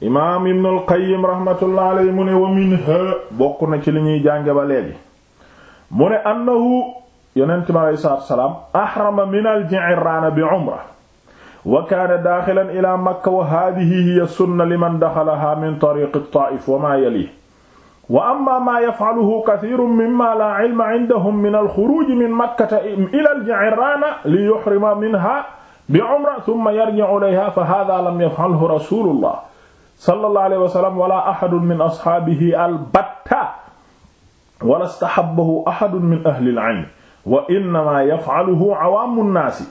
imaam ibn al qayyim rahmatullah alayhi mu ne wa minha bokk na ci li ñuy jànge ba léegi mu ne annahu yonent mi alayhi salaatu wa salaam ahrama min al ji'rana bi umra wa kaana daaxilan ila makka wa haadihi hiya sunna liman daxalaha min tariiqi at-taa'if wa maa yalihi wa amma maa yaf'aluhu kathiirun mimmaa laa ilma indahum min al-xuruuji min makkata ila al-ji'raana li yuhrima minhaa bi umra thumma yarji'u ilayhaa fa haadaa lam yaf'alhu rasuulullah sallallahu alayhi wa sallam wala ahadun min ashaabihi albatta wala stahabbahu ahadun min ahli al-ilm wa innama yaf'aluhu awaamu nnaasi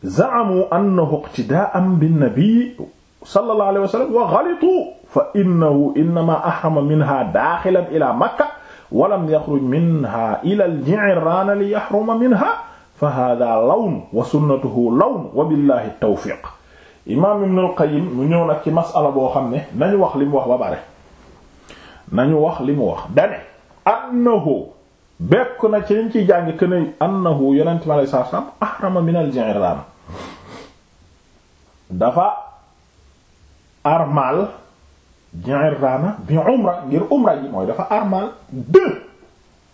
za'amu annahu iqtidaa'an bin-nabi sallallahu alayhi wa sallam wa ghalitu fa innahu innama ahrama minha daaxilan ila makka wa lam yaxruj minha ila al-ji'raana li yahruma minha fa haadha lawn wa sunnatuhu lawn wa billahi at-tawfiiq imaam Ibn al mu ñëw nag ci masala boo xam ne nañu wax li mu wax ba bare nañu wax li mu wax dane annahu bekk na ci liñ ci jàng que ne annahu yonent mi alayhi salaam ahrama min al-ji'raan dafa armal ji'raana bi umra ngir umra ji mooy dafa armal de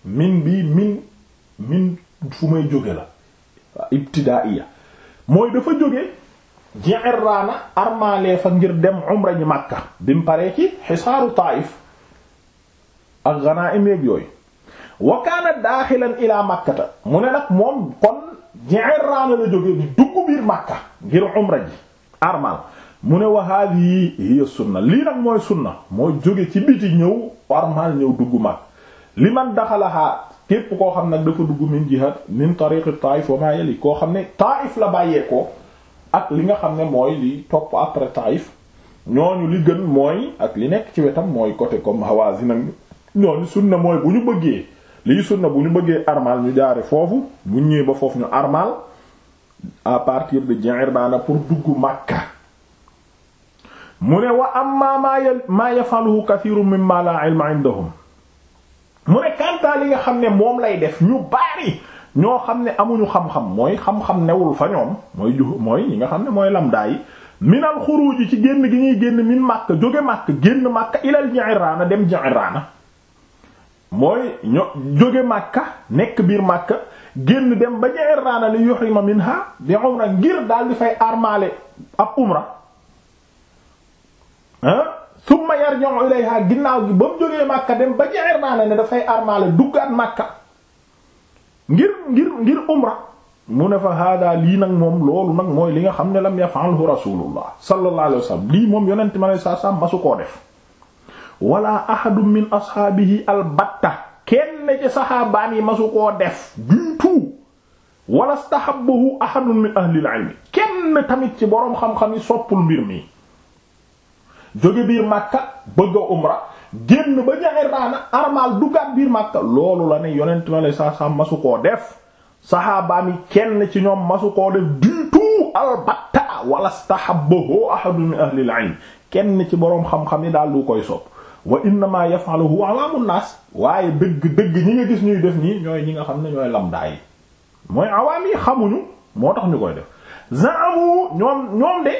min bi min min fu may jóge la ibtidaaiya mooy dafa jóge Ji'irraana armaale fa ngir dem umra ji Makka bi mu paree ci xisaaru Taayif ak ghanaa'im yooyu wa daaxilan ilaa Makkata mu ne nag moom kon Ji'irraana la jógee dugg biir Makka ngir umra ji armaal mu ne wa haadihi hiya sunna lii nag mooy sunna moo jóge ci biti ñëw armaal ñëw dugg Makka li man daxalahaa képp koo xam nag dafa dugg min jihaad min tariiqi Taayif wa maa yali koo xam ne Taayif la bàyyeekoo. ak li nga xam ne mooy li topp après Taïf ñooñu li gën mooy ak li nekk ci wetam mooy côté comme Hawazin nag ñooñu sunna mooy bu ñu bëggee lii sunna bu ñu bëggee armal ñu jaare foofu bu ñëwee ba foofu ñu armal à partir de Dji'irrânah pour dugg Makka mu ne wa amma ma maa yafaluhu kathirun mimma la ilma indahum mu ne kantaa li nga xam ne moom lay def ñu bari ñoo xam ne amuñu xam-xam mooy xam-xam newul fa ñoom mooy ju mooy yi nga xam ne mooy lamdaa yi minal xuruuj ci génn gi ñuy génn min Makka jóge Makka génn Makka ilal Ji'irraana dem Ji'irraana mooy ño jóge Makka nekk biir Makka génn dem ba Ji'irraana li yuhrima minha bi ngir daal di fay armaale ab umra ah summa yarji'u ilayha ginnaaw gi ba mu jógee Makka dem ba Ji'irraana ne dafay armaale duggaat Makka ngir ngir ngir umra mu ne fa hada lii nag moom loolu nag mooy li nga xam ne lam yaf'alhu rasulullah sallallahu alayhi wa sallam lii moom yonent ma ne saa saa masu koo def wala ahadun min ashaabihi albatta kenn ci saxaabaan yi masu def du tout wala stahabbahu min ahlil ilmi kenn tamit ci boroom xam-xam yi soppul mbir mi jóge biir Makka bëgg umra génn ba Ji'irraana armal duggaat biir Makka loolu la ne yonent ma lay saa saa masu koo def saxaabaam yi kenn ci ñoom masu koo def du tout albatta wala stahabbahu ahadun ahlil ilm kenn ci boroom xam-xam yi daal lu koy sopp wa innama yaf'aluhu awaamu naas waaye dëgg dëgg ñi nga gis ñuy def nii ñooy ñi nga xam ne ñooy lamdaay mooy awaam yi xamuñu moo tax ñu koy def zaamu ñoom ñoom de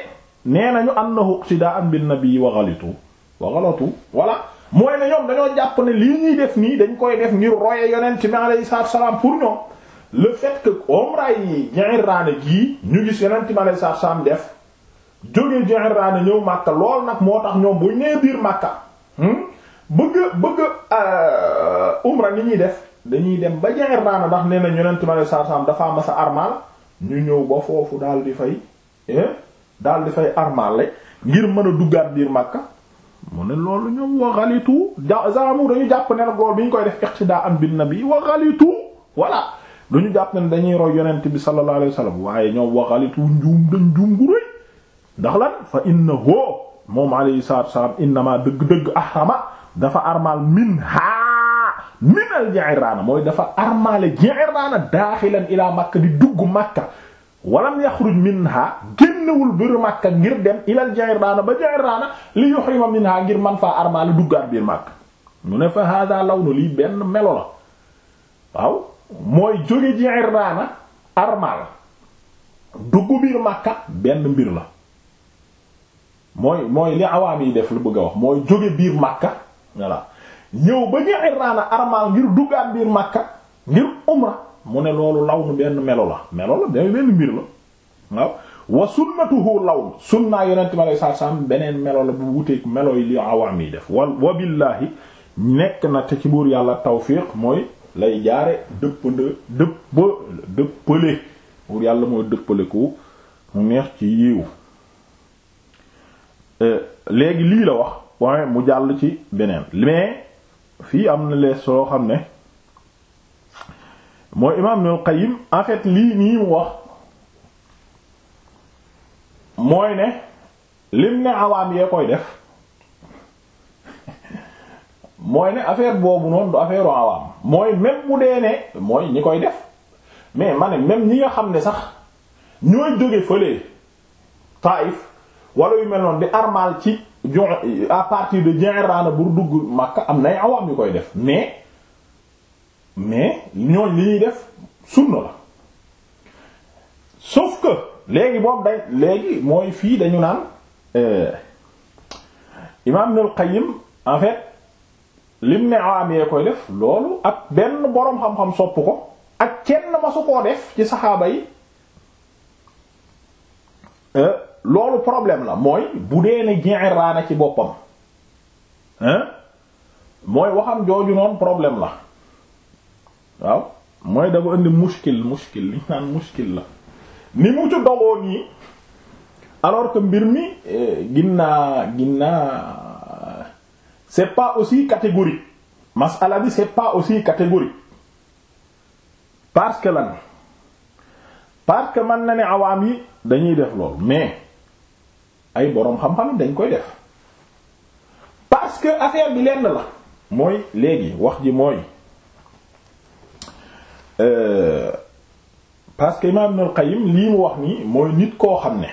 nee nañu annahu iqtida'an bin nabi wa ghalitu wa ghalatu mooy ne ñoom dañoo jàpp ne lii ñuy def nii dañ koy def ngir roye yeneen bi alayhi salaatu salaam pour ñoom le fait que umra yi Ji'irraana gii ñu gis yonent bi alayhi salaatu salaam def jógee Ji'irraana ñëw Makka lool nag moo tax ñoom bu ñëwee biir Makka hmm, bëgg bëgg euh, umra ni ñuy def dañuy dem ba Ji'irraana ndax nee na yonent bi alayhi salaatu salaam dafa masa armal ñu ñëw ba foofu daal di fay eh, daal di fay armal ngir mën a duggaat biir Makka. mu ne loolu ñoom wa ghalitu zaamu dañu jàpp ne la lool bi ñu koy def iqtida'an bin nabi wa ghalitu voilà lu ñu jàpp ne dañuy roy yonent bi sallallahu alayhi wasallam waaye ñoom wa ghalitu njuum dañ njuum gu rëy ndax lan fa innahu moom alayhi salaatu wasallam innama dëgg-dëgg ahrama dafa armal minha minal Ji'irraana mooy dafa armaale Ji'irraana daaxilan ilaa Makka di dugg Makka walam yaxruj minha génnewul biir Makka ngir dem ilal Ji'irraana ba Ji'irraana li yuhrima minha ngir man faa armaale duggaat biir Makka mu ne fa hada lawnu lii benn melo la waaw mooy jóge Ji'irraana armaal dugg biir Makka benn mbir la mooy mooy li awaam yi def lu bëgg a wax mooy jóge biir Makka voilà ñëw ba Ji'irraana armaal ngir duggaat biir Makka ngir umra mu ne loolu law nu benn melo la melo la day benn mbir la waaw wa sunnatuhu lawn sunnaa yonent mi alei satu salaam beneen melo la bu wuteeg melo yi li awaam yi def wa wa billaahi nekk na te ci buur yàlla tawfiq mooy lay jaare dëppnd dëpp dëppale buur yàlla mooy dëppale ku mu neex ci yiw euh, léegi lii la wax waaye mu jàll ci beneen mais fii am na lees soo xam ne mooy imaam Ibnul Qayyim en fait lii nii mu wax mooy ne lim ne awaam yee koy def mooy ne affaire boobu noonu du affaire awaam mooy même bu dee ne mooy ñi koy def mais ma ne même ñi nga xam ne sax ñooy jóge fële Taïf wala yu mel noonu di armal ci à partir de Ji'rana pour dugg Makka am nay awaam yu koy def mais. mais ñooñ li ñuy def sunna la sauf que léegi boobu day léegi mooy fii dañu naan euh, imaam Ibnul Qayyim en fait lim ne awamee koy def loolu ak benn boroom xam-xam sopp ko ak kenn masu koo def ci saxaaba yi euh, loolu problème la mooy bu dee ne Ji'irraana ci boppam mooy waxam jooju noonu problème la waaw mooy dafa indi mushkil mushkil liñ naan mushkil la ni mu ci dogoo nii alors que mbir mi eh, ginnaa ginnaa c'est pas aussi catégorique masala bi c'est pas aussi catégorique parce que lan parce que mën na ne awaam yi dañuy def lool mais ay boroom xam-xam dañ koy def parce que affaire bi lenn la mooy léegi wax ji mooy Euh, parce que imaam Ibnul Qayyim lii mu wax nii mooy nit koo xam ne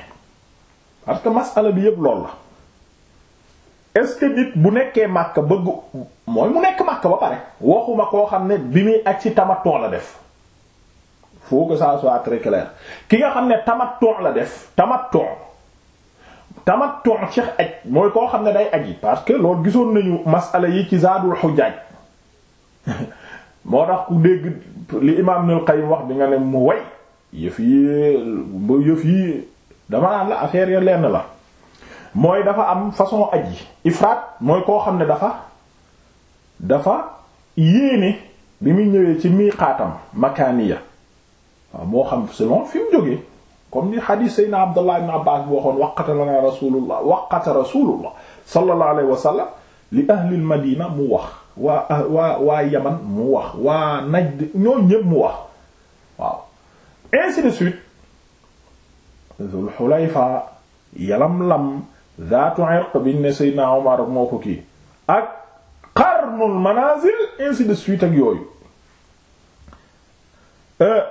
parce que masala bi yëpp lool la est-ce que nit bu nekkee màkk bëgg mooy mu nekk màkk ba pare waxuma koo xam ne bi muy aj ci tamattu la def faut que ça soit très clair ki nga xam ne tamattu la def tamattu tamattu ci aj mooy koo xam ne day aji parce que loolu gisoon nañu masala yi ci Zaadul Hujjaaj moo tax ku dégg li imaam Ibnul Qayyim wax bi nga ne mu way yëf yi ba yëf yi dama naan la affaire ya lenn la mooy dafa am façon aj yi ifraat mooy koo xam ne dafa dafa yéene bi muy ñëwee ci miiqaatam makaaniya waaw moo xam selon fi mu jógee comme ni hadith Seydina Abdullah ibn Abbas bu waxoon waqata lana rasulullah waqata rasulullah sallallahu alayhi wa li ahli madina mu wax waa ah, waa waa yaman mu wax waa najd ñoom ñépp mu wax waaw ainsi de suite Zul Xulayfa Yalamlam Zaatu Irq bi ne Seydina Omar moo ko kii ak Qarnul Manazil ainsi de suite ak yooyu euh,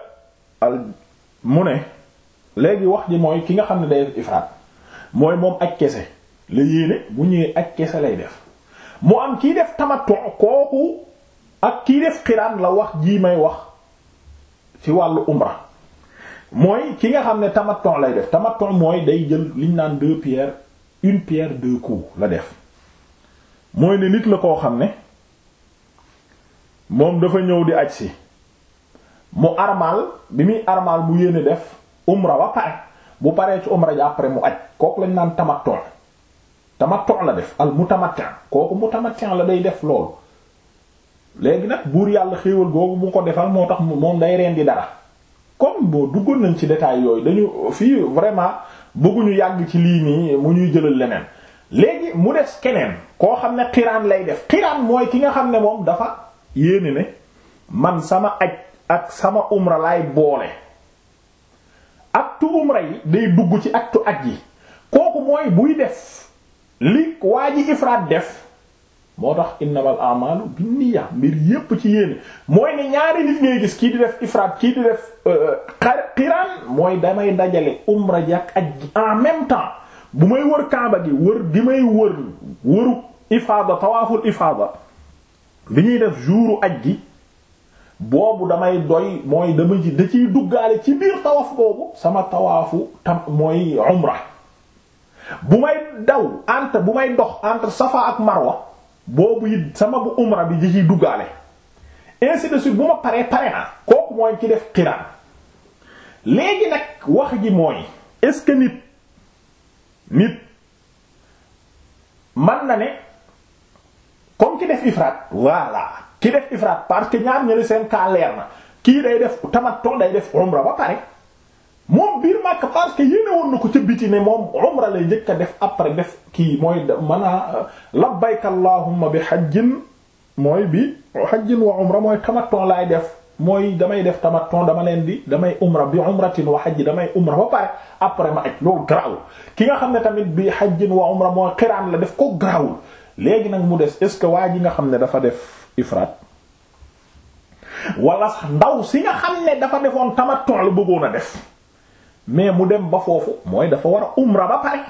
mu ne léegi wax ji mooy ki nga xam ne day def ifraat mooy moom ak kese la yéene bu ñëwee ak kese lay def mu am kii def tamattu kooku ak kii def xiraan la wax jii may wax ci wàllu umra mooy ki nga xam ne tamattu lay def tamattu mooy day jël liñ naan deux pierres une pierre deux coups la def mooy ne nit la koo xam ne moom dafa ñëw di aj si mu armal bi muy armal mu yéene def umra ba pare bu paree ci umra ji mu aj kooku lañ naan tamattu tamattu la def al mutamatti kooku mutamatti la day def loolu léegi nag buur yàlla xéewal googu bu ko defal moo tax moom day rendi dara comme boo duggoon nañ ci détail yooyu dañu fii vraiment bëgguñu yàgg ci lii nii mu ñuy jëlal leneen léegi mu des keneen koo xam ne xiraan lay def xiraan mooy ki nga xam ne moom dafa yéene ne man sama aj ak sama umra laay boole aktu umra yi day dugg ci aktu at yi kooku mooy buy def li waa ifraat def moo tax innamal a'malu binniya mbir yépp ci yéene mooy ne ñaari nit gis kii di def ifraat kii di def euh, xiraan mooy damay dajale umra ji ak aj en même temps bu may wër kaaba gi wër di may wër wëru ifaada tawaaful ifaada bi ñuy def jouru aj gi boobu damay doy mooy dama ci duggaale ci biir tawaaf boobu sama tawaafu tam mooy umra bu may daw entre bu may dox entre Safa ak Marwa boobu it sama bu umra bi ji ciy duggaale ainsi de bu ma paree pare naa kooku mooy ci def xiraan léegi nag wax ji mooy est-ce que nit nit man na ne comme ki def ifraat voilà ki def ifraat parce que ñaar ñëli seen kaa leer na kii day def tamattu day def umra ba pare moom biir Makka parce que yéene woon na ko ca biti ne moom umra lay njëkk a def après def kii mooy man a euh, labbayka allahumma bi hajjin mooy bi hajjin wa umra mooy tamattu laay def mooy damay def tamattu dama leen di damay umra bi umratin wa hajj damay umra ba après ma aj loolu garaawul ki nga xam ne tamit bi hajjin wa umra mooy xiraan la def ko garaawul léegi nag mu des est-ce que waa ji nga xam ne dafa def ifraat wala si nga xam ne dafa defoon tamattu la bëggoon a def mais mu dem ba foofu mooy dafa war a umra ba pare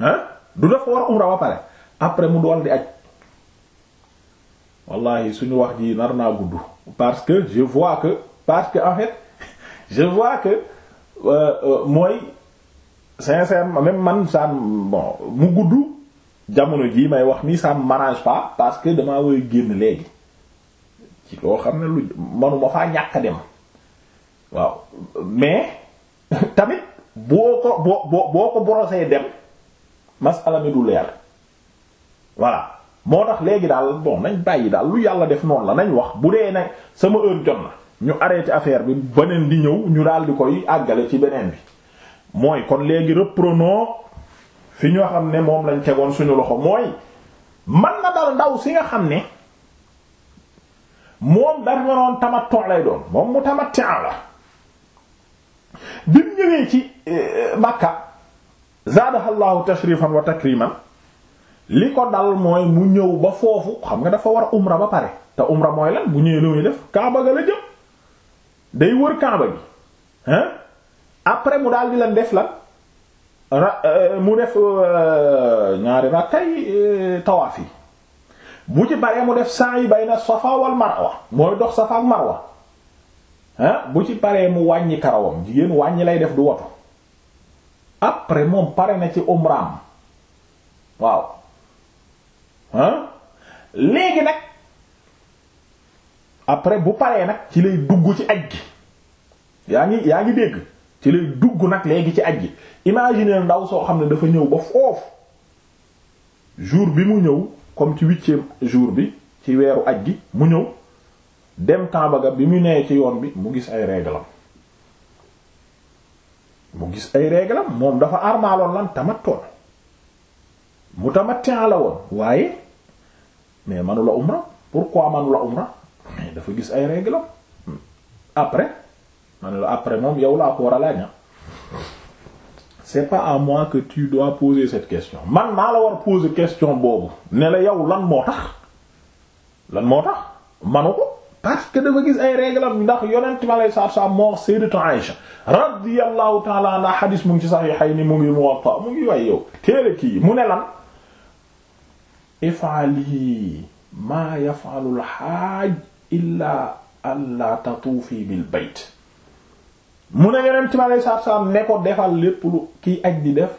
ah du dafa war a umra ba pare après mu dool di aj wallahi suñu wax ji nar naa gudd parce que je vois que parce que en fait je vois que euh, euh, mooy sincèrement même man ça mu gudd jamono jii may wax nii ça m'arrange parce que damaa war génn léegi ci loo xam ne lu manuma faa ñàkk dem waaw mais tamit boo ko boo boo boo ko brosser dem masala mi du leer voilà moo tax léegi daal bon nañ bàyyi daal lu yàlla def noonu la nañ wax bu dee nag sama heure jot na ñu arrêté affaire bi beneen di ñëw ñu daal di koy àggale ci beneen bi mooy kon léegi reprenons fi ñoo xam ne moom lañ tegoon suñu loxo mooy man na dal ndaw si nga xam ne moom daf ñoroon tamattu lay doon moom mu tamatti la bi mu ñëwee ci eh, Makka zaadahallahu tashrifan wa takriman li ko dal mooy mu ñëw ba foofu xam nga dafa war a umra ba pare te umra mooy lan bu ñëwee lu muy def Kaaba ga la jëm day wër Kaaba gi après mu daal di lan def lan eh, mu def eh, ñaari rakkay tawaaf yi ci baree mu def sa'i bayna Safa wal Marwa mooy dox Safa ak ah bu ci paree mu wàññi karawam jigéen wàññi lay def du woto après moom pare na ci umraam waaw ah léegi nag après bu paree nag ci lay dugg ci aj gi yaa ngi yaa ngi dégg ci lay dugg nag léegi ci aj gi imaginer ndaw soo xam ne dafa ñëw ba foofu jour bi mu ñëw comme ci huitième jour bi ci weeru aj gi mu ñëw dem Kaaba ga bi mu nee ci yoon bi mu gis ay réglam mu gis ay réglam moom dafa armaaloon lan tamattoon mu tamattin la woon waaye mais manula umra pourquoi manula umra mais dafa gis ay réglam après man la après moom yow laa ko war a laaj c'est pas à moi que tu dois poser cette question man maa la war poser question boobu ne la yow lan moo tax lan moo tax manu ko parce que dafa gis ay réglam ndax yonent mi alayhi salaatu salaam moo wax sayyidatu Aïsha radiyallahu ta'ala anha xadis mu ngi ci Sahihayni mu ngi Muwatta mu ngi way yow téere kii mu ne lan if'ali maa yaf'alu al-haaj mu ne yonent mi ne ko defal lépp lu kiy aj di def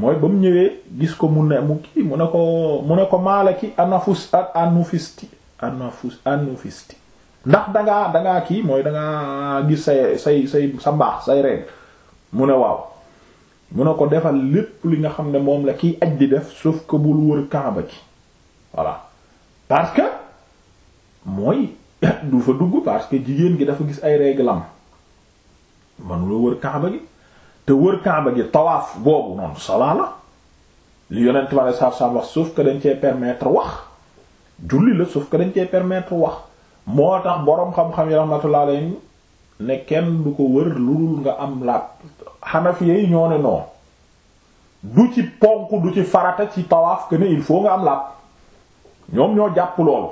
mooy ba mu ñëwee gis ko mu ne mu kii mu ne ko mu ne ko maalaki anafusti anafusti ndax dangaa dangaa kii mooy dangaa gis say say say sa mbaax say reen mu ne waaw mu ne ko defal lépp li nga xam ne moom la kiy aj di def suuf que bul wër kaaba gi voilà parce que mooy du fa dugg parce que jigéen gi dafa gis ay réglam manula wër kaaba gi te wër kaaba gi tawaaf boobu noonu salaa la li yonent ma ne saaf saaf wax sauf que dañ cee permettre wax julli la suuf que dañ cee permettre wax moo tax boroom xam-xam yi rahmatullah alayhim ne kenn du ko wër lu nga am laab xanafi yi ñoo ne non du ci ponk du ci farata ci tawaaf que ne il faut nga am laab ñoom ñoo jàpp loolu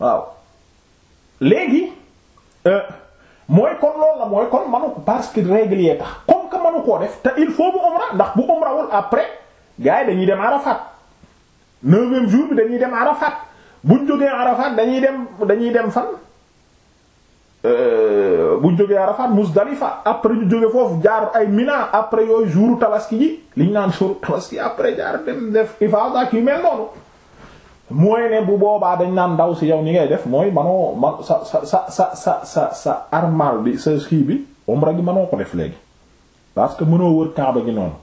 waaw léegi euh, mooy kon loolu la mooy kon manu parce que règle yee tax comme que manu koo def te il faut bu umra ndax bu umrawul après gars yi dañuy dem Arafat neuvième jour bi dañuy dem Arafat bu jógee Arafat dañuy dem dañuy dem fan euh, buñ jógee Arafat Muzdalifa après ñu jóge foofu jaar ay Mina après yooyu jour tabaski ji liñ naan jour tabaski après jaar dem def ifada ak yu mel noonu mooy ne bu boobaa dañ naan ndaw si yow ni ngay def mooy ma man sa sa sa sa sa sa armal bi sa ski bi umra gi manoo ko def léegi parce que mënoo wër Kaaba gi noonu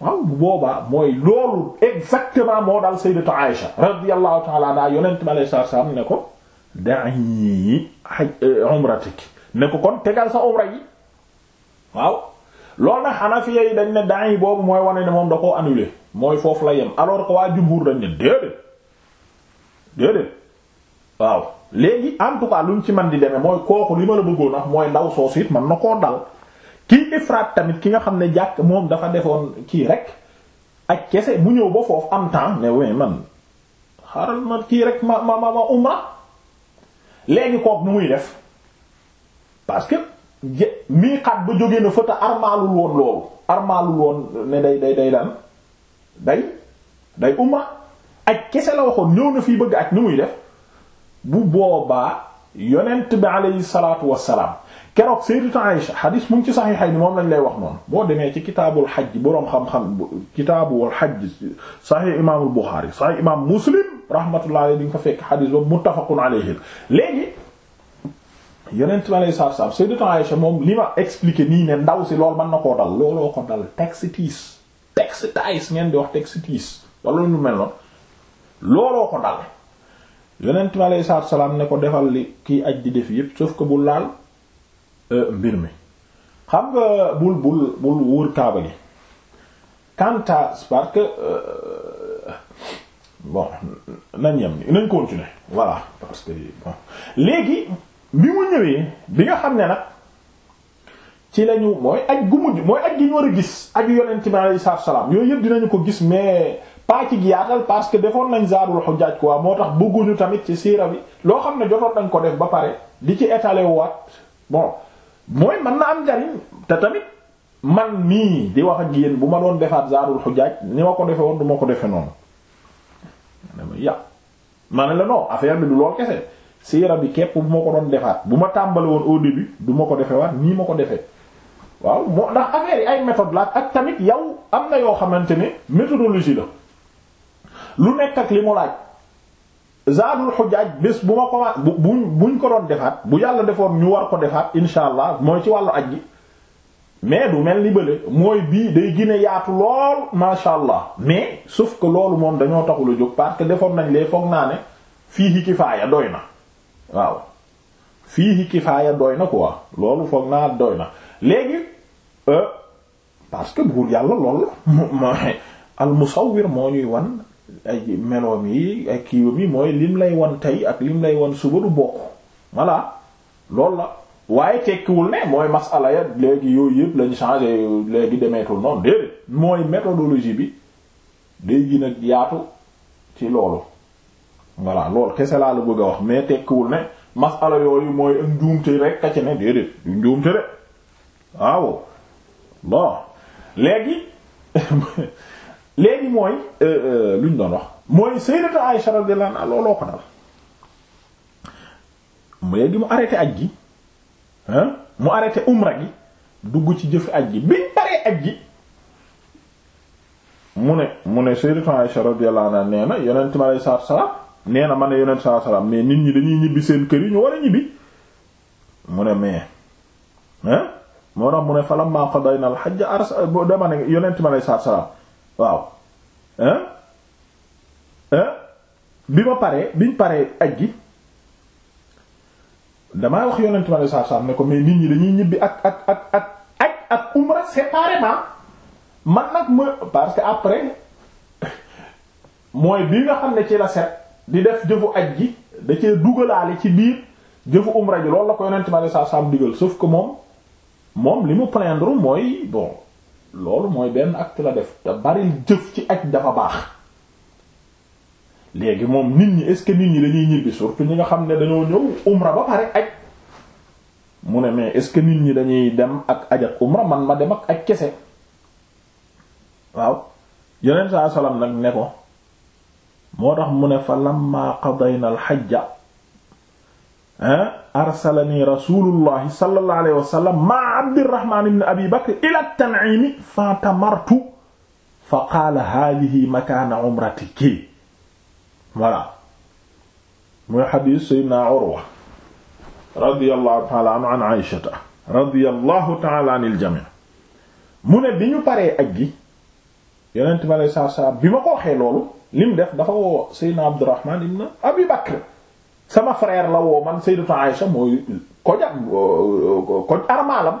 waaw boobaa mooy loolu exactement moo daal sayyidatu Aïsha radiyallahu ta'ala anha yonent bi alayhi salaam ne ko da'i haj eh, umratik ne ko kon tegal sa umra yi waaw loolu nag Hanafiya yi dañ ne da'i boobu mooy wane ne moom da koo annulé mooy foofu la yem alors que waa jumhur dañ ne déedéet déedéet waaw léegi en tout cas luñ ci man di demee mooy kooku li ma la bëggoon wax mooy ndaw soosu man na koo dal kii ifraat tamit ki nga xam ne jàkk moom dafa defoon kii rek ak kese bu ñëw ba foofu am temps mais man xaaral ma kii rek ma ma ma umra léegi kook nu muy def parce que mii xat ba jóge na fëta armaalul woon loolu armaalul woon ne day day day daan day day umra ak kese la waxoon ñëw na fii bëgg ak nu muy def bu boobaa yonent bi aleyhi salaatu wassalaam keroog Sayyidatu Aïsha xadis mu ngi ci saxiixay ni moom lañ lay wax noonu moo demee ci kitaabul xajj boroom xam-xam kitaabul xajj saxiix imaamul Buxaari saxiix imaam Muslim rahmatullahi alayhi di nga fa fekk xadis boobu muttafaqun alayhi léegi yonent ma lay saar saar Sayyidatu Aïsha moom li ma expliqué nii ne ndaw si lool mën na koo dal looloo ko dal taxitis taxitis ngeen di wax taxitis wala lu mel noonu looloo ko dal yonent ma lay saar salaam ne ko defal li kii aj di def yépp sauf bu laal. Euh, mbir mi xam nga bul bul bul wóor kaaba gi kanta parce que euh, bon nañ yam ni nañ continuer voilà parce que léegi bi mu ñëwee bi nga xam ne nag ci lañu mooy aj gu mujj mooy aj gi ñu war a gis aju yonent bi alayhi salaam yooyu yëpp dinañu ko gis mais pas gi yaatal parce que defoon nañ zaarul xujjaaj quoi moo tax bëgguñu tamit ci siira bi loo xam ne jotoon nañ ko def ba pare di ci étaler waat bon mooy man na am njariñ te tamit man nii di wax ak yéen bu ma doon defaat zaarul xujaaj ni ma ko defe woon du ma ko defe noonu dama yàq ma ne la non affaire bi du lool kese siira bi képp bu ma ko doon defaat bu ma tàmbali woon au début du ma ko defe waat nii ma ko defe waaw moo ndax affaire yi ay méthode laaj ak tamit yow am na yoo xamante ne méthodologie la lu nekk ak li mu laaj zaadul xujjaaj bés bu ma ko ma bu buñ ko doon defaat bu yàlla defoon ñu war ko defaat insha allah mooy ci wàllu aj gi mais du mel ni bële mooy bii day gën a yaatu lool masha allah mais sauf que loolu moom dañoo taxul a jóg parce que defoon nañ lee foog naa ne fii kifaaya doy na waaw fiihi kifaaya doy na ko quoi loolu foog naa doy na léegi euh, parce que buur yàlla lool la al musawwir moo ñuy wan ay meloom yi ay kiiwam yi mooy lim lay wan tey ak lim lay wan suba du bokk voilà loolu la waaye tekkiwul ne mooy masala ya léegi yooyu yëpp lañ changé léegi demeetul noonu déedéet mooy méthodologie bi day gën a yaatu ci loolu voilà lool kese laa la bëgg a wax mais tekkiwul ne masala yooyu mooy ak njuumte rek a ci ne déedéet du njuumte de waaw bon léegi léegi mooy euh, euh, lu ñu doon wax mooy sayyidatu Aisha radiyallahu anha looloo ko dal léegi mu arrêté aj gi mu arrêté umra gi dugg ci jëf aj gi biñ paree aj gi mu ne mu ne sayyidatu Aisha radiyallahu anha nee na yonent mi alayhi salaam nee na ma ne yonent salaatu salaam mais nit ñi dañuy ñibbi seen kër yi ñu war a ñibbi mu ne mais hein moo tax mu ne falammaa qadayna al-hajj boo dama ne yonent mi alayhi salaatu salaam waaw hein hein bi ma paree biñ paree aj gi damaa wax yonent ma ne saaf saaf ne ko mais nit ñi dañuy ñibbi ak ak ak ak ak umra séparément man nag ma parce que après mooy bii nga xam ne ci la set di def jëfu aj gi da cee dugalaale ci biir jëfu umra ji loolu la ko yonent ma ne saaf saaf digal sauf que moom moom li mu plaindre mooy bon. loolu mooy benn ak acte la def te bari jëf ci aj dafa baax léegi moom nit ñi est-ce que nit ñi dañuy ñibbi surtout nga xam ne dañoo ñëw umra ba pare aj mu ne mais est-ce que nit ñi dañuy dem ak aj ak umra man ma dem ak aj kese waaw yeneen saa salaam nag ne ko moo tax mu ne fa lamma qadayna al hajja arsalani rasulullahi sallallahu alayhi wa sallam ma abdirahman ibn abi bakr ila tan'imi fatamartu fa qaala hadihi makaana umratiki voilà muy xadiis sayyidina urwa radiyallahu ta'ala anhu an aishata radiyallahu ta'ala anil jami' mu ne bi ñu paree ak gi yonent bi alayhi salaatu wa salaam bi ma ko waxee loolu lim def dafa woo sayyidina abdirahman ibn abi bakr sama frère la woo man Sayyidatu Aïsha mooy ko jam euh, ko armaalam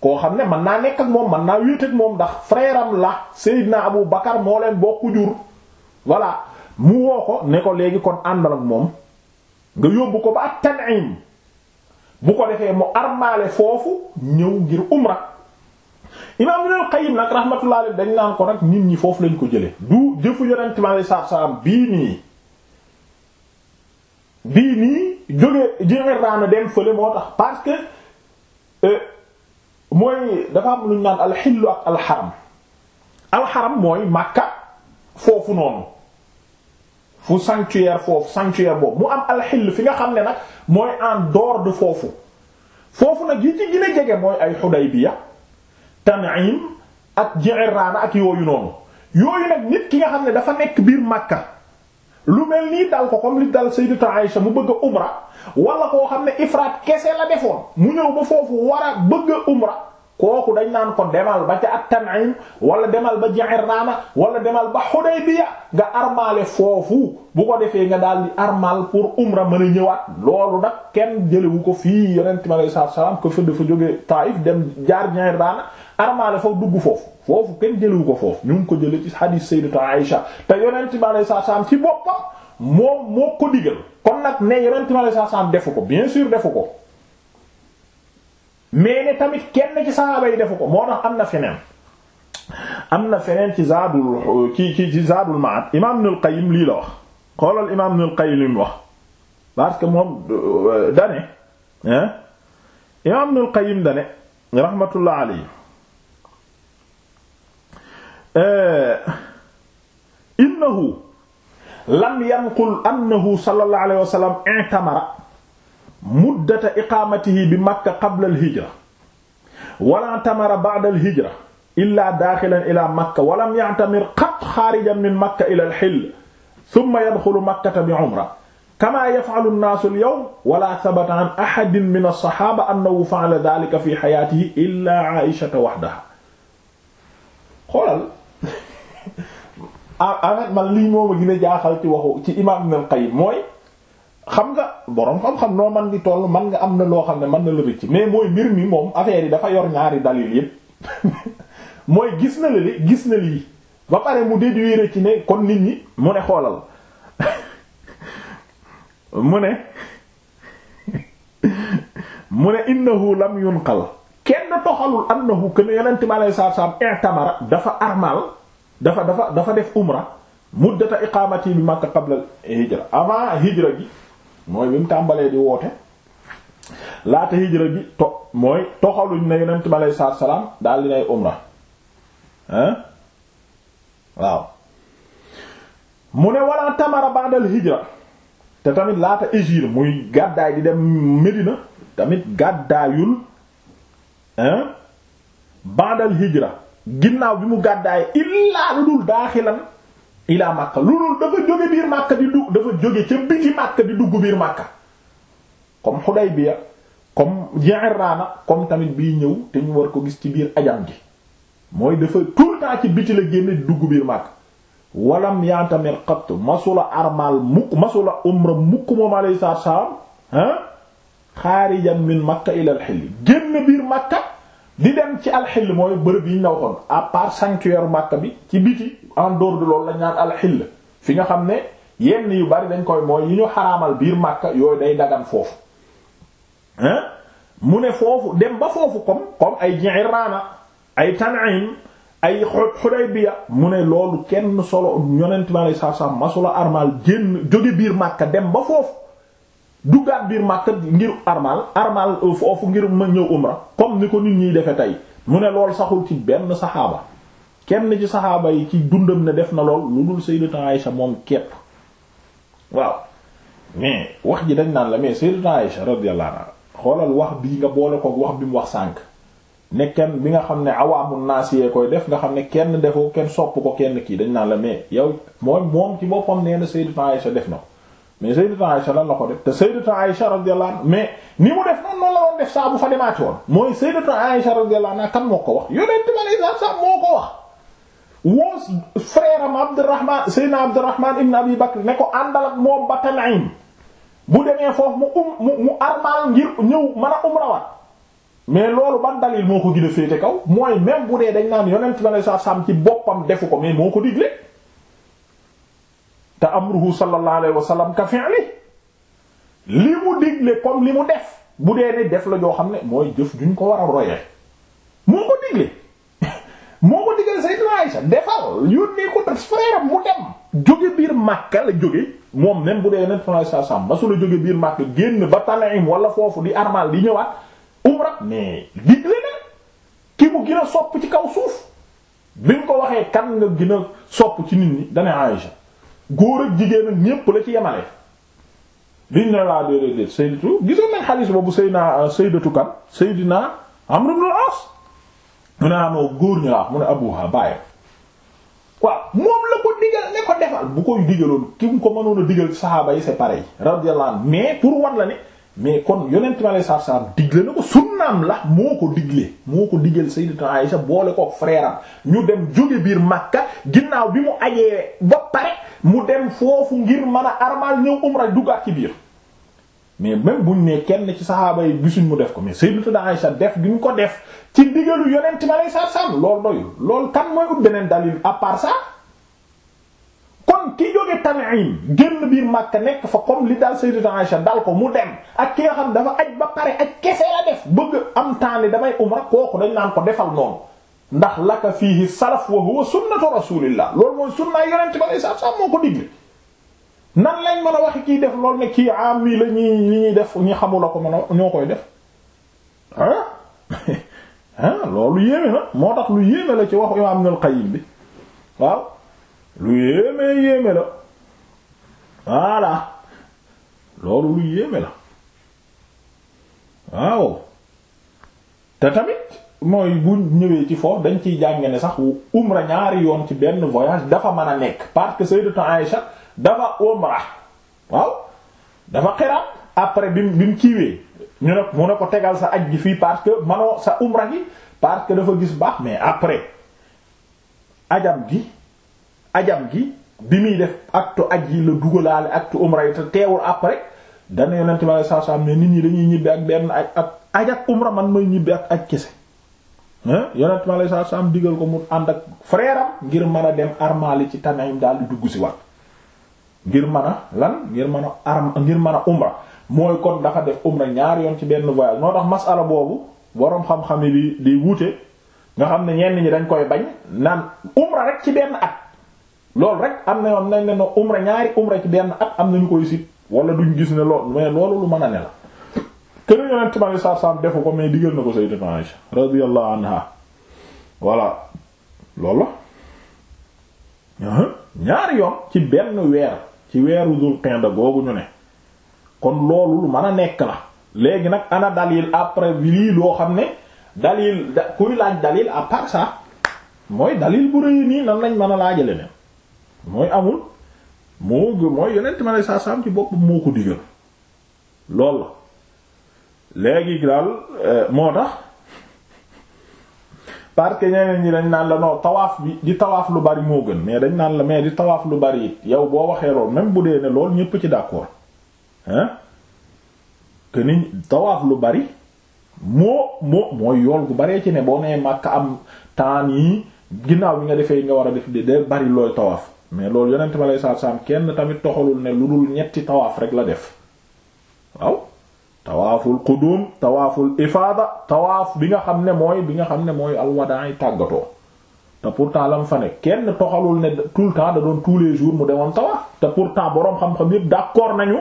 koo xam ne man naa nekk moom man naa wéet moom ndax frère am la Sayyidna Abu Bakar moo leen bokku jur voilà mu woo ko ne ko léegi kon àndal ak moom nga yóbbu ko ba ak Tan'im bu ko defee mu armaale foofu ñëw ngir umra Imam Ibn Qayyim nag rahmatullah alayhi dañ naan ko nag nit ñi foofu lañ ko jële du jëfu yonent mi alayhi salaam bii nii bii nii jóge Jordaan dem fële moo tax parce que euh, mooy dafa am lu ñu naan alxillu ak alxaram alxaram mooy Makka foofu noonu fu sanctuaire foofu sanctuaire boobu mu am alxill fi nga xam ne nag mooy en door de foofu foofu nag yi ci gën a jege mooy ay Xudaybiya Tan'im ak Jiraana ak yooyu noonu yooyu nag nit ki nga xam ne dafa nekk biir Makka lu mel nii dal ko comme li dal sayyidatu Aïsha mu bëgg a umra wala xam ne ifraat kese la defoon mu ñëw ba foofu war a bëgg a umra kooku dañ naan ko demal ba ca at-Tan'im wala demal ba Ji'rana wala demal ba Hudaybiya nga armaale foofu bu ko defee nga daal di armal pour umra mën a ñëwaat loolu nag kenn jëlewu ko fii yonent mi alayhi salaatu salaam ko fa dafa jóge Taif dem jaar Ji'rana armaale foofu dugg foofu foofu kenn jëlewu ko foofu ñu ko jële ci hadith sayyidatu Aisha te yonent bi alayhi salaam ci boppam moom moo ko digal kon nag ne yonent bi alayhi salaam ko bien sûr defu ko tamit kenn ki sahaaba yi ko moo tax am na feneen am na feneen ci zaadul ci ci ci zaadul ma'ad imaam Ibnul Qayyim lii la wax xoolal imaam Ibnul Qayyim wax parce que moom euh, dane imaam Ibnul Qayyim dane rahmatullah alayhi Eh, innahu lam yanqul annahu sallallahu alayhi wa sallam i'tamara muddata iqaamatihi bi makka qabla al-hijra wala i'tamara ba'da al-hijra illaa daaxilan ilaa makka walam ya'tamir qat xaarijan min makka ila al-hill thumma yadxulu makkata bi umra kamaa yaf'alu an-naasu al-yawm wala thabata an ahadin min as-sahaaba annahu fa'ala dhaalika fi hayaatihi illaa 'aa'ishata wahdahaa xoolal Ah, en man lii moom a gin a jaaxal ci waxu ci imaam Ibn al-Qayyim mooy xam nga borom xam-xam noo man di toll man nga am na loo xam ne mën na la rëcc mais mooy mbir mi moom affaire yi dafa yor ñaari dalil yépp mooy gis na la li gis na lii ba pare mu déduire ci ne kon nit ñi mu ne xoolal mu ne mu ne innahu lam yunqal kenn toxalul annahu ken yonent bi alayhi salaam i'tamara dafa armal dafa dafa dafa def umra muddata iqaamati bi Makka qabla hijra avant hijra gi mooy bi mu tàmbalee di woote laata hijra gi to mooy toxaluñ na yonent bi salaam daal di nay umra hein waaw mu ne walla tamara ba'dal hijra te tamit laata hijra muy gàddaay di dem Medina tamit gàddaayul hein ba'dal hijra ginnaaw bi mu gàddaay illaa lu dul daaxilan ilaa Makka lu dul dafa jóge biir Makka di dugg dafa jóge ca biti Makka di dugg biir Makka comme Hudaybiya comme Ji'rana comme tamit bii ñëw te ñu war ko gis ci biir ajam gi mooy dafa tout le temps ci biti la génne di dugg biir Makka walam yantamir xatt masula armal mukk masula umra mukk moom alayhi salaam ah, xaarijan min Makka ilal xilli génn biir Makka di dem ci alxill mooy bërëb yi ñu la waxoon à part sanctuaire Makka bi ci biti en dehors de loolu la ñu naan alxill fi nga xam ne yenn yu bari dañ koy mooy yi ñu xaraamal biir Makka yooyu day daggan foofu. mu ne foofu dem ba foofu comme comme ay Ji'irraana ay Tan'im ay Xudaybiya mu ne loolu kenn solo yonent bi sallallahu alayhi wasallam masula armal génn jóge biir Makka dem ba foofu. duggaat biir Makka ngir armal armal euh, foofu ngir ma ñëw umra comme ni ko nit ñuy defe tey mu ne lool saxul ci benn saxaaba kenn ci saxaaba yi ci dundam ne def na lool lu dul Sayyidatu sa moom képp waaw mais wax ji dañ naan la mais Sayyidatu Aïsha radiyallahu anha xoolal wax bii nga boole ko wax bi mu wax sànk ne kenn bi nga xam ne awaamu naas yee koy def nga xam ne kenn defoo kenn sopp ko kenn kii dañ naan la mais yow mooy moom ci boppam nee na Sayyidatu Aïsha def na mais Sayyidatu Aïcha lan la ko def te Sayyidatu Aïcha radiyallahu anha mais ni mu def noonu noonu la doon def saa bu fa demaati woon mooy Sayyidatu Aïcha radiyallahu anha kan moo ko wax yonent bi alayhi salaam moo ko wax woo frère am Abdurrahman Sayyidina Abdurrahman ibn Abi Bakr ne ko àndal ak moom ba Tan'im bu demee foofu mu um mu armal ngir ñëw mën a wax mais loolu ban dalil moo ko gën a kaw mooy même bu dee dañ naan yonent bi alayhi salaam ci boppam defu ko mais moo ko te amruhu sallallahu alayhi wa sallam ka fi'li li mu digle comme li mu def bu dee ni def la joo xam ne mooy jëf juñ ko war a royee moo ko digle moo ko digal Sayyidina Aïcha defal yónnee ko tas frère mu dem jóge biir Makka la jóge moom même bu dee ne Sayyidina Aïcha sàmm ba su la jóge biir Makka génn ba Tan'im wala foofu di armal di ñëwaat umra mais digle na ki mu gën sopp ci kaw suuf bi mu ko waxee kan nga gën sopp ci nit ñi dana Aïcha góor ak jigéen ñépp la ci yemale liñ ne laa déedéet déet sayyidatu gisoon nañ xadiis boobu sayyidina euh, sayyidatu kan sayyidina Amr ibn al-As mu ne anoo ah, góor ñu la mu ne abuha bàyyam waaw moom la ko digal ne ko defal bu koy digaloon ki mu ko mënoon a digal saxaaba yi c'est pareil radiyallahu anhu mais pour wan la ne mais kon yonent bi alei satu salaam digle na ko sunnaam la moo ko digle moo ko digal sayyidat Aïsha boole ko frère am ñu dem jóge biir Makka ginnaaw bi mu ajee ba pare mu dem foofu ngir mën a armal ñëw umra duggaat ci biir mais même buñ ne kenn ci saxaaba yi gisuñ mu def ko mais sayyidat Aïsha def gi ñu ko def ci digalu yonent bi alei satu salaam loolu doyul loolu kan mooy ut beneen dalil à part ça comme ki jóge Tan'im génn biir Makka nekk fa comme li daal Sayyidatu Aisha dal ko mu dem ak ki nga xam dafa aj ba pare aj kese la def bëgg am taani damay umra kooku dañ naan ko defal noonu ndax laka fiihi salaf wa huwa sunnatu rasulillah loolu mooy sunna yonente ba sa sa moo ko digle nan lañ mën a wax kii def loolu ne kii am mii la ñi ñi ñuy def ñi xamula ko mën a ñoo koy def ah, ah loolu yéeme na moo tax lu yéeme la ci wax Imaam Ibnul Qayyim bi waaw lu yéeme yéeme la voilà loolu lu yéeme la waaw te tamit mooy bu ñëwee ci foofu dañ ciy jànge ne sax umra ñaari yoon ci benn voyage dafa mën a nekk parce que sayyidatu Aïcha dafa umra waaw dafa xiraat après bi bi mu kiiwee ñu ne mu ne ko tegal sa aj gi fii parce que manoo sa umra gi parce que dafa gis baax mais après ajam gi ajam gi bi muy def acte aj yi la dugalaale acte umra yi te teewul après dana yonent bi sallallahu alayhi wasallam ne nit ñi dañuy ñibbi ak benn aj ak aj ak umra man may ñibbi ak aj kese yonent bi sallallahu alayhi wasallam digal ko mu ànd ak frère am ngir mën a dem armaali ci Tanayim daal di dugg si waat ngir mën a lan ngir mën a ngir mën a umra mooy kon ndaxa def umra ñaar yoon ci benn voyage noo tax masala boobu boroom xam-xam yi di di wuute nga xam ne ñenn ñi dañ koy bañ naan umra rek loolu rek am na yoon nañ ne no umra ñaari umra ci benn at am nañu koy sit wala duñ gis ne lool mais loolu lu mën a ne la kër yonent ma ne saab defu ko mais digal na ko sayyidatu Aisha radiyallahu anha voilà loolu la ñaari yoon ci benn weer ci weeru Dul Qa'da googu ñu ne kon loolu lu mën a nekk la léegi nag ana dalil après lii loo xam ne dalil kuy laaj dalil à part ça mooy dalil bu rëy nii nan lañ mën a laajale ne mooy amul moo gë mooy yonent ma lay saa saam ci boppam moo ko digal lool la léegi daal eh, moo tax parce que ñeneen ñi dañ naan la non tawaaf bi di tawaaf lu bari moo gën mais dañ naan la mais di tawaaf lu bari it yow boo waxee lool même bu dee ne lool ñépp ci d'accord hein que ni lu bari moo moo mooy yool gu baree ci ne boo nee Makka am temps yi ginnaaw bi nga defee nga war a def de bari looy tawaaf. mais loolu yonent ma lay saat saam kenn tamit toxalul ne lu dul ñetti tawaaf rek la def waaw tawaaful qudum tawaaful ifaada tawaaf bi nga xam ne mooy bi nga xam ne mooy alwadaay tàggatoo te pourtant lam fa ne kenn toxalul ne tout le temps da doon tous les jours mu demoon tawaaf te pourtant boroom xam-xam yépp d'accord nañu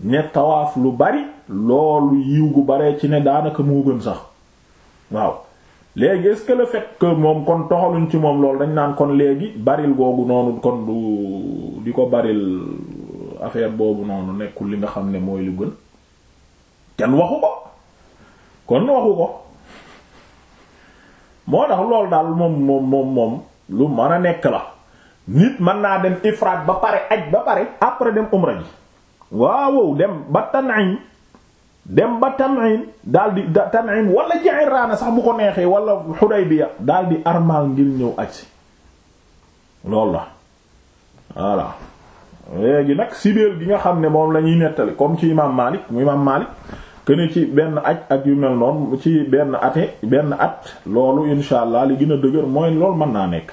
ne tawaaf lu bari loolu yiw gu baree ci ne daanaka moo gën sax waaw léegi est moom kon toxaluñ ci moom loolu dañ naan kon léegi baril googu noonu kon du di ko baril affaire boobu noonu nekkul li nga xam ne mooy lu gën kenn waxu ko kon waxu ko moo tax loolu daal moom moom moom moom lu mën a nekk la nit mën naa dem ifraat ba pare aj ba pare après dem umra ji waaw dem ba dem ba Tan'in daal di Tan'in wala Ji'rana sax bu ko neexee wala Hudaybiya daal di armal ngir ñëw agsi loolu la voilà léegi nag sibéer gi nga xam ne moom lañuy ñuy nettali comme ci imaam Maalik mu imaam Maalik ne ci benn aj ak yu mel noonu ci benn ate benn at loolu insha allah li gën a dëgër mooy loolu mën naa nekk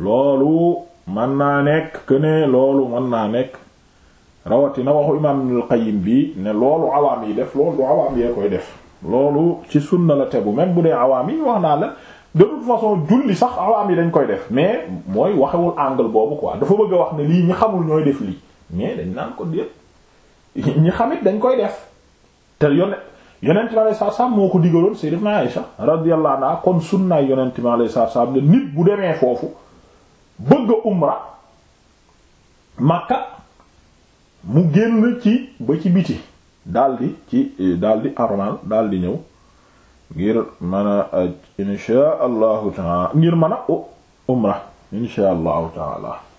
loolu mën naa nekk que ne loolu mën naa nekk rawatina waxu imaam Ibnul Qayyim bi ne loolu awaam yi def loolu du awaam yee koy def loolu ci sunna la tebu même bu dee awaam yi wax naa la de toute façon julli sax awaam yi dañ koy def mais mooy waxewul angle boobu quoi dafa bëgg wax ne lii ñi xamul ñooy def lii mais dañ naan ko déet ñi xamit dañ koy def te yone yonent bi alayhi salaatu moo ko digaloon Sayyidatuna Aïsha radiyallahu anha kon sunnaay yonent bi alayhi salaatu salaam ne nit bu demee foofu bëgg umra Makka mu génn ci ba ci biti daldi ci eh, daldi armal daldi ñëw ngir mën a eh, insha allahu taala ngir mën a umra insha allahu taala